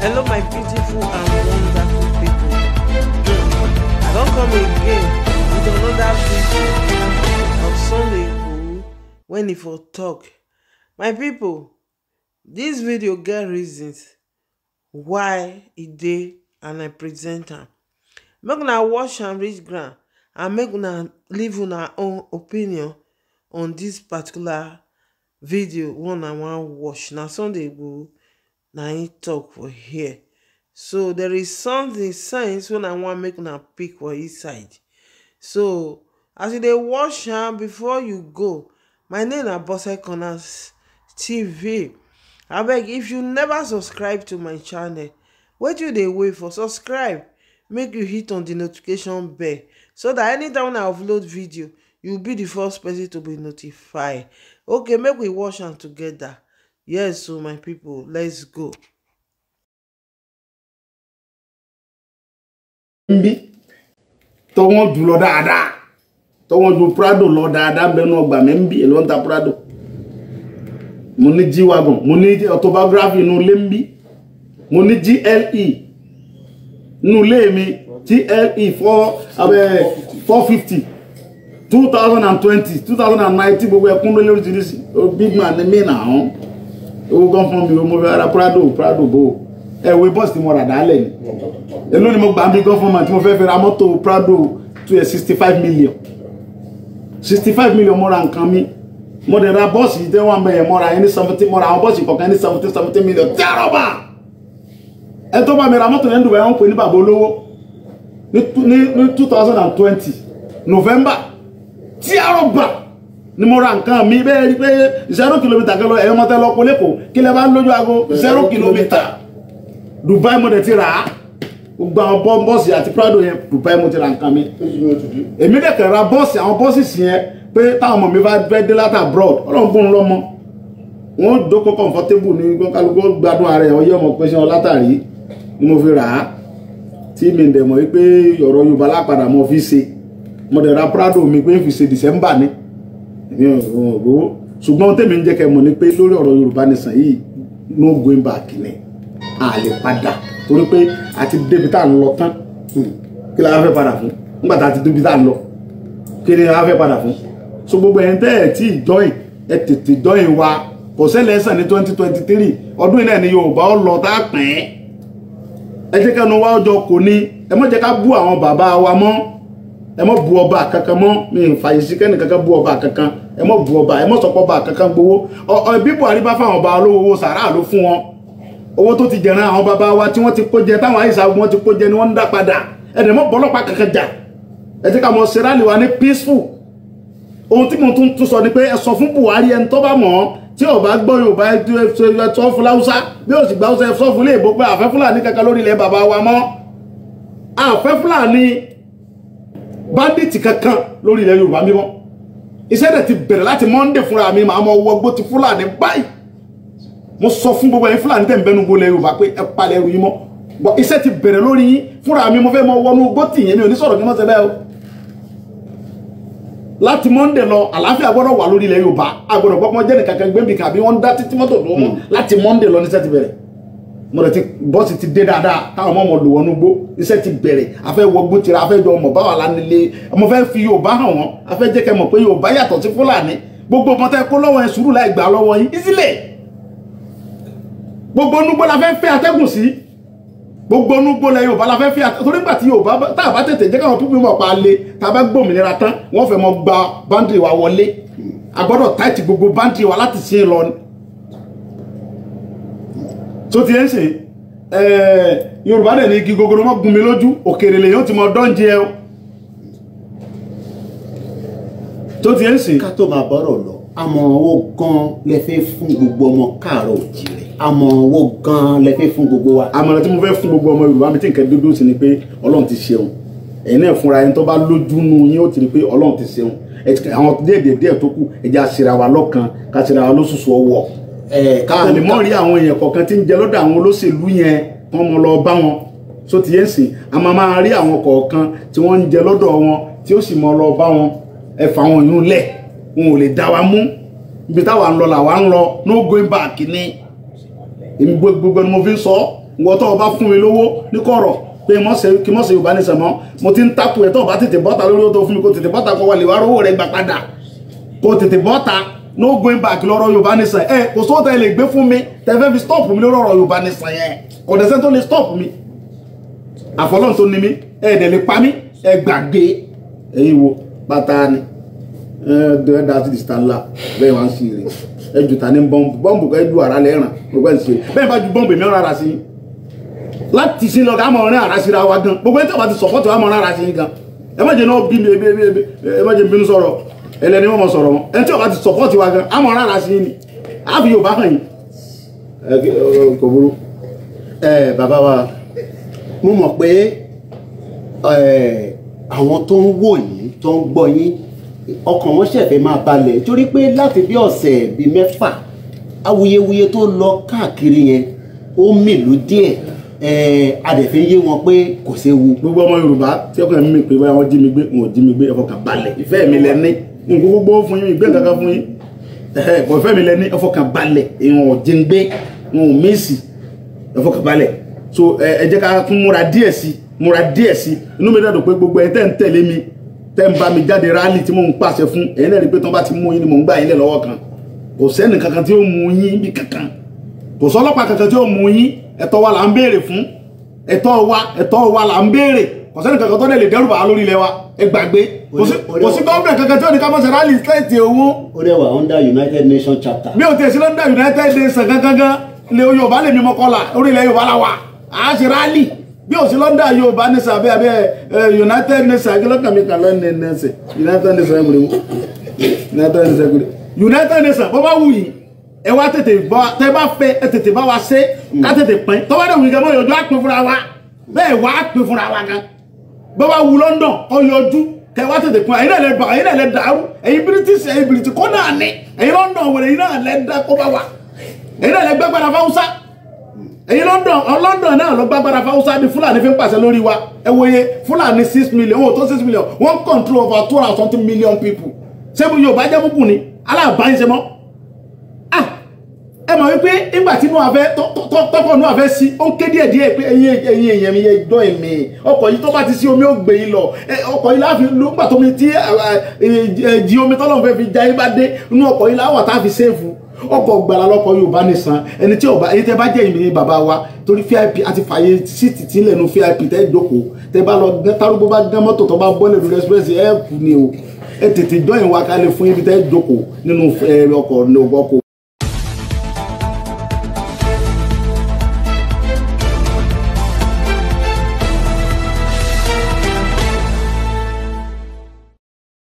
Hello, my beautiful and wonderful people. I don't come again with another video of Sunday Igboho when he for talk. My people, this video get reasons why e dey and I present am. Make una watch and reach ground and make una leave una own opinion on this particular video one and one watch na Sunday Igboho Now he talk for here so there is something sense when i wan make una pick for his side. so as you dey watch am before you go my name is bose corners tv I beg if you never subscribe to my channel what you they wait for subscribe make you hit on the notification bell so that anytime i upload video you'll be the first person to be notified okay make we wash am together yes so oh, my people let's go. níbi tọ́wọ́n jù lọ dáadáa tọ́wọ́n jù prado lọ dáadáa bẹ́ẹ̀ náà gbà ẹ̀ ló ń ta prado mo ní g-wagon mo ní autobiography inú ilé ń bí mo ní gle inú ilé mi gle four four fifty two thousand and twenty two thousand and nineteen gbogbo ẹkún lórí oríṣiríṣi big man ni mí nà án owó gan fún mi o mo ra prado prado bò ó we boss tí mo rà dálẹ̀ ni èló ni mo gbà ń bí gan fún mo fẹ́ fẹ́ ra mọ́tò prado tó yẹ million 65 million mo ra nǹkan mi mo dẹ̀ ra bọ́ọ̀sì yìí tẹ́ wọ́n bẹ̀yẹ̀ mo ra ẹni seventy mo ra àwọn bọ́ọ̀sì kọ̀ọ̀kan ẹni seventy seventy million tí a rọ̀ bá ẹ tó bá mi ra mọ́tò yẹn dùbẹ̀ wọ́n pè ní bàbá olówó ní two thousand and twenty november tí a ni mo ra nǹkan mi bẹ́ẹ̀ rí pé zero kilometre kan lọ ẹ̀yọ́ mọ́tẹ́ lọ kó lẹ́kọ̀ọ́ kí lẹ bá ń lójú aago zero kilometre Dubai mo dẹ̀ ti rà á gbogbo àwọn bọ́ bọ́ọ̀sì àti Prado yẹn Dubai mo ti ra nǹkan mi èmi dẹ̀ kàn ra bọ́ọ̀sì àwọn bọ́ọ̀sì sì yẹn pé táwọn ọmọ mi bá fẹ́ dé láti abroad ọlọ́run fún un lọ́mọ wọn ó dókó comfortable ní kálukú gbádùn ara ẹ̀ ọyẹ́ ọmọ pé ṣe wọn látàrí ni mo fi rà á tí mi dẹ̀ mọ̀ wípé ọ̀rọ̀ Yorùbá lápadà mo fi ṣe mo dẹ̀ ra Prado mi pé fi ṣe December ni èmi ò rówó ṣùgbọ́n tèmi ń jẹ́ kẹ́ mọ̀ ni pé lórí ọ̀rọ̀ Yorùbá nìsàn yìí no going back ni a lè padà torí pé a ti débi tá à ń lọ tán hmm. kí la fẹ́ padà fún nígbà tá a ti débi tá à ń lọ kí ni a fẹ́ padà fún so gbogbo ẹ̀yin tẹ́ ẹ̀ tí ì jọyìn ẹ tètè jọyìn wa kò ṣẹlẹ̀ ẹ̀sán ní twenty twenty three ọdún yìí náà ni Yorùbá ó lọ tá a pín ẹ jẹ́ kẹ́nu wá ọjọ́ kò ní ẹ má jẹ́ ká bú àwọn bàbá wa mọ́ ẹ mọ́ bu ọba kankan mọ́ mi ì fàyè sí kẹ́ni kankan bu ọba kankan ẹ mọ́ bu ọba ẹ mọ́ sọpọ̀ ọba kankan gbowó bí Buhari bá fáwọn ọba olówó owó sàrà ló fún wọn owó tó ti jẹran àwọn bàbá wa tí wọ́n ti kó jẹ táwọn àyíṣà wọn ti kó jẹ ni wọ́n ń dá padà ẹ̀dẹ̀ mọ́ bọ́lọ́pàá kankan jà ẹ jẹ́ ká mọ serali wa ní peaceful ohun tí mo tún sọ ni pé ẹ sọ fún Buhari ẹni tó bá mọ̀ ọ́ tí o bá gbọ́ yorùbá ẹ sọ fún láwùsá bí o sì gba ọsẹ sọ fún léèbó pé àfẹ́ fúlàní kankan lórí ilẹ̀ bàbá wa mọ́ àfẹ́ fúlàní bandits kankan lori ilẹ̀ yorùbá mímọ́ iṣẹ́ rẹ̀ ti bẹ̀rẹ̀ láti monday fúnra mi màá mọ wọgbó ti fúlàní báyìí mo sọ fún gbogbo ẹ̀yin fúlàní tẹ̀ ń bẹnu gbolẹ̀ yorùbá pé ẹ palẹ̀ ẹrù yín mọ́ bọ̀ iṣẹ́ ti bẹ̀rẹ̀ lórí yín fúnra mi mo fẹ́ mọ wọnú gbọ́tì yẹn mi ò ní sọ̀rọ̀ kí wọ́n ṣe o láti monday lọ àlàáfíà gbọ́dọ̀ wà lórí ilẹ̀ yorùbá a gbọ́dọ̀ gbọ́pọ́n jẹ́nìkankan gbẹ́bìkan àbí wọ́n ń dá títí mọ́tò lọ́mọ́ láti monday lọ níṣẹ́ ti bẹ̀rẹ̀ mo rẹ̀ ti bọ́ọ̀sì ti dé dáadáa táwọn ọmọ ọmọ lò wọnú gbó iṣẹ́ ti bẹ̀rẹ̀ afẹ́ wọgbó tira afẹ́ jọ ọmọ báwa lánilé ọmọ fẹ́ fi Yorùbá hàn wọ́n afẹ́ jẹ́ kẹ́ mọ̀ pé Yorùbá yàtọ̀ sí Fúlàní gbogbo ọmọ tẹ́ kó lọ́wọ́ ẹ sùúrù láì gbà lọ́wọ́ yín ìsílẹ̀ gbogbo onúgbó la fẹ́ fẹ́ atẹ́gùn sí gbogbo onúgbó la Yorùbá la fẹ́ fẹ́ atẹ́gùn torí gbà tí Yorùbá tá a bá tètè jẹ́ káwọn pípín mọ̀ pa lé tá a bá gbòmìnira tán wọ́n fẹ́ mọ gba báńdìrì wa wọlé a gbọ́dọ̀ táìtì gbogbo báńdìrì wa láti ṣe lọ tó ti ẹ́ ń ṣe yorùbá dẹ̀ ní igi gogoro mọ́ gun mi lójú òkèrè lèyàn ti mọ dọ́ǹjì ẹ o tó ti ẹ́ ń ṣe. ká tó máa bọ́rọ̀ lọ àmọ̀ràn owó gan lẹ fẹ́ fún gbogbo ọmọ káàárọ̀ òjìrè àmọ̀ràn owó gan lẹ fẹ́ fún gbogbo wa. àmọ̀ràn tí mo fẹ́ fún gbogbo ọmọ yorùbá mi tí nǹkan dúdú sí ni pé ọlọ́run ti ṣeun ẹ̀yin náà fúnra yín tó bá lójú nu yín ó ti rí pé ọlọ́run ti ṣeun àwọn díẹ̀ díẹ̀ díẹ̀ tó kù ẹ̀jẹ̀ àṣìra lọ́kàn ká ṣìra ọwọ́ kò lè mọ̀ rí àwọn èèyàn kọ̀ọ̀kan tí ń jẹ lọ́dọ̀ àwọn olóṣèlú yẹn kán mọ lọ bá wọn so ti yẹn sìn a máa máa rí àwọn kọ̀ọ̀kan tí wọ́n ń jẹ lọ́dọ̀ wọn tí ó sì mọ lọ bá wọn ẹ fà wọn yún lẹ̀ wọn ò lè dá wa mú ibi táwa ń lọ làwa ń lọ no going back ni èmi gbogbo ni mo fi ń sọ wọ́n tó o bá fún mi lówó ní kọ̀rọ̀ pé kí mọ̀ ṣe yorùbá ní sẹ̀mọ́ mo ti ń tako ẹ̀ tó o bá tètè bọ́ta lórí o tó fún mi kó tètè bọ́ta kó wà lè wá rówó rẹ̀ gbà kó tètè bọ́ta no going back lọ́rọ̀ yorùbá nation eh, ẹ kò sọ́wọ́ tẹ́ lè gbé fún mi tẹ́fẹ́ fi stop mi lọ́rọ̀ yorùbá nation yẹn kò dẹ̀ sẹ́ni tó lè stop mi àfọlọ́n tó ni mí ẹ dẹ̀ lè pa mí ẹ gbàgbé ẹ̀yin wo pátá ni ẹ dẹ́ dá sí ìsìtá ńlá bẹ́ẹ̀ wá ń sí rẹ̀ ẹ jù ta ní bọ́ǹbù bọ́ǹbù kẹ́ ju ara lẹ́ ràn gbogbo ẹ̀ ṣe bẹ́ẹ̀ bá ju bọ́ǹbù mi rárá sí láti sí lọ́gà àmọ́ ọ̀rẹ́ àrà síra wa gan gbogbo ẹ̀ tí a bá ti sọ̀pọ̀tì wa mọ̀ ọ̀rẹ́ àrà sí gan ẹ má jẹ́ náà bí mi ẹ má jẹ́ bínú sọ̀rọ̀ ẹlẹ́ni wọ́n mọ̀ sọ̀rọ̀ wọn ẹni tí ọba ti sọ̀kọ́ ti wá gan àmọ́ rárá sí ni àbí yorùbá hàn yín kò burú bàbá wa mo mọ̀ pé àwọn tó ń wò yín tó ń gbọ́ yín ọkàn wọn ṣẹ̀fẹ̀ máa balẹ̀ torí pé láti bí ọ̀sẹ̀ bíi mẹ́fà awuyewuye tó lọ káàkiri yẹn ó mìlú díẹ̀ adẹ̀fẹ́ yé wọn pé kò séwu. gbogbo ọmọ yorùbá tí ọkùnrin mi pé báyọ̀ jí mi gbé wọn ò jí mi gbé ẹ̀fọ́ kà balẹ̀ ìfẹ́ mi lẹ́ni nǹkan gbogbo fún yín gbé nǹkan kan fún yín bọ̀fẹ́ mi lẹ́ni ẹfọkànbalẹ̀ èèyàn ọ̀jẹ̀ngbé wọn ò mẹ́sì ẹfọkànbalẹ̀ so ẹ jẹ́ ká tún múra díẹ̀ sí múra díẹ̀ sí inú mi dàdùn pé gbogbo ẹ̀ tẹ́ ń tẹ̀lé mi tẹ́ ń bá mi jáde rálì tí mò ń pàṣẹ fún ẹ̀yin náà rí pé tán bá ti mú yín ni mò ń gbà yín lẹ̀ lọ́wọ́ kan kò sẹ́ni kankan tí ó mú yín bí kankan kò sọ́lọ́pàá kankan tí ó mú yín ẹ̀tọ́ wa là ń béèrè fún ẹ̀tọ́ wa ẹ̀tọ́ wa là ń béèrè ọ̀sẹ́ni kankan tó lè dẹ́rù bàá lórí ilẹ̀ wa ẹ gbàgbé kò sí gómìnà kankan tí ó ní ká mọ̀ sí rally state owó. ó rẹwà under United Nations chapter. mi ò tẹ̀ sí under United Nations gangan lè Yorùbá lè mímọ kọlà orílẹ̀ Yorùbá la wà á ṣe rally bí ò sí lọ́ndà Yorùbá ní sàbẹ́ abẹ́ United Nations akínlọ́kàn mi kàn lọ́ndà nẹ́sẹ̀ United Nations ẹ̀kúrẹ́ mu. United Nations ẹ̀kúrẹ́ United Nations bọ́ bá wù yìí ẹ wá tètè bá tẹ bá fẹ́ ẹ tètè bá wa ṣe ká tètè pín tọ́wọ́dẹ̀ wù yìí gan mọ́ yọjọ́ àpín fúnra wa bẹ́ẹ̀ wá àpín fúnra wa gan bàbá wu London kọ́ yọjú tẹ wá tètè kún ẹ̀yin náà lẹ bà ẹ̀yin náà lẹ dàrú ẹ̀yin British ẹ̀yin British kọ́ náà ní ẹ̀yin London wẹ̀rẹ̀ ẹ̀yin náà lẹ dá kó bá wa ẹ̀yin náà lẹ gbàgbára fáwùsá èyí London London náà ló gbàgbára fáwùsá ni Fúlàní fi ń pàṣẹ lórí wa ẹ wòye Fúlàní six million owó tó six million one control over two hundred and something million people ṣé mo Yorùbá jẹ́ búkú ni aláàbá ń ṣe mọ́ mọ̀ wípé nígbà tí Nóà fẹ́ tọ́kọ̀ Nóà fẹ́ sí ó ké díẹ̀ díẹ̀ pé ẹ̀yin ẹ̀yin èèyàn mi ẹjọ́ èmi ọkọ̀ yìí tó bá ti sí omi ó gbé yín lọ ọkọ̀ yìí láàfin ló gbà tómi tí jí omi tọ́lọ́run fẹ́ fi já yín bá dé inú ọkọ̀ yìí láwà tá a fi séèfù ọkọ̀ gbàlà lọkọ̀ Yorùbá nìsan ẹni tí ọba ẹni tẹ bá jẹ́ ìmìnira bàbá wa torí VIP àti fàyè síìtì tí lẹ́nu VIP tẹ́ jókòó tẹ bá lọ tarúgbó bá gán mọ́tò tó bá bọ́ lẹ́nu express ẹ̀ kù ni o ẹ tètè dọ́yìn wa ká lè fún ibi tẹ́ jókòó nínú ọkọ̀ ọkọ̀.